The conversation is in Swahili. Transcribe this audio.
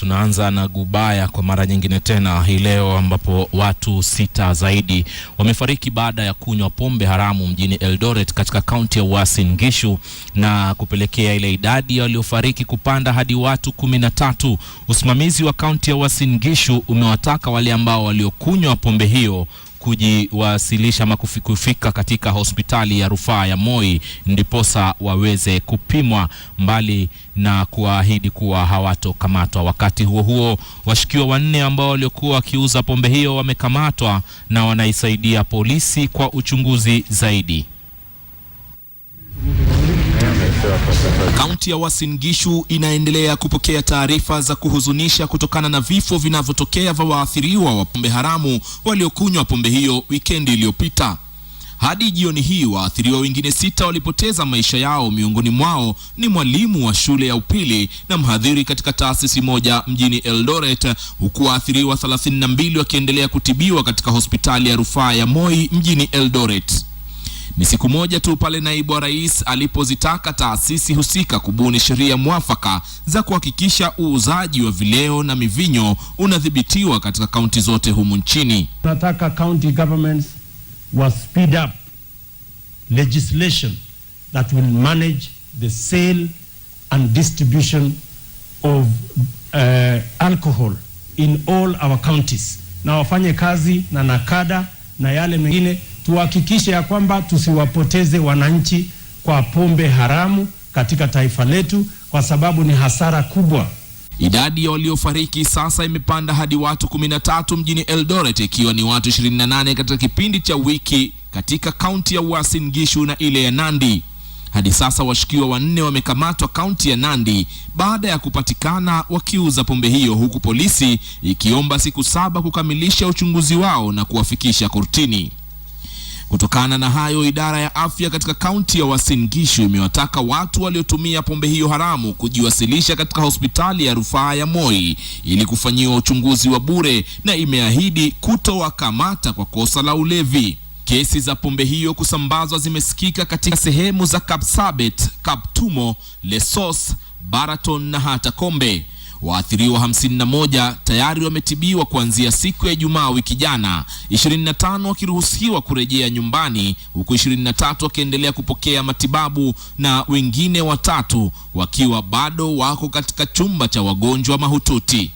Tunaanza na Gubaya kwa mara nyingine tena hii leo, ambapo watu sita zaidi wamefariki baada ya kunywa pombe haramu mjini Eldoret katika kaunti ya Uasin Gishu na kupelekea ile idadi waliofariki kupanda hadi watu kumi na tatu. Usimamizi wa kaunti ya Uasin Gishu umewataka wale ambao waliokunywa pombe hiyo kujiwasilisha ama kufika katika hospitali ya rufaa ya Moi ndiposa waweze kupimwa, mbali na kuahidi kuwa hawatokamatwa. Wakati huo huo, washukiwa wanne ambao waliokuwa wakiuza pombe hiyo wamekamatwa na wanaisaidia polisi kwa uchunguzi zaidi. Kaunti ya Uasin Gishu inaendelea kupokea taarifa za kuhuzunisha kutokana na vifo vinavyotokea vya waathiriwa wa pombe haramu waliokunywa pombe hiyo wikendi iliyopita. Hadi jioni hii waathiriwa wengine sita walipoteza maisha yao, miongoni mwao ni mwalimu wa shule ya upili na mhadhiri katika taasisi moja mjini Eldoret, huku waathiriwa 32 wakiendelea kutibiwa katika hospitali ya rufaa ya Moi mjini Eldoret. Ni siku moja tu pale naibu wa rais alipozitaka taasisi husika kubuni sheria mwafaka za kuhakikisha uuzaji wa vileo na mivinyo unadhibitiwa katika kaunti zote humu nchini. Tunataka county governments wa speed up legislation that will manage the sale and distribution of uh, alcohol in all our counties, na wafanye kazi na nakada na yale mengine tuhakikishe ya kwamba tusiwapoteze wananchi kwa pombe haramu katika taifa letu, kwa sababu ni hasara kubwa. Idadi ya waliofariki sasa imepanda hadi watu 13 mjini Eldoret, ikiwa ni watu 28 katika kipindi cha wiki katika kaunti ya Uasin Gishu na ile ya Nandi. Hadi sasa washukiwa wanne wamekamatwa kaunti ya Nandi baada ya kupatikana wakiuza pombe hiyo, huku polisi ikiomba siku saba kukamilisha uchunguzi wao na kuwafikisha kortini. Kutokana na hayo, idara ya afya katika kaunti ya Uasin Gishu imewataka watu waliotumia pombe hiyo haramu kujiwasilisha katika hospitali ya rufaa ya Moi ili kufanyiwa uchunguzi wa bure na imeahidi kutowakamata kwa kosa la ulevi. Kesi za pombe hiyo kusambazwa zimesikika katika sehemu za Kapsabet, Kaptumo, Lesos, Baraton na hata Kombe. Waathiriwa 51 tayari wametibiwa kuanzia siku ya Ijumaa wiki jana, 25 wakiruhusiwa kurejea nyumbani, huku 23 wakiendelea kupokea matibabu na wengine watatu wakiwa bado wako katika chumba cha wagonjwa mahututi.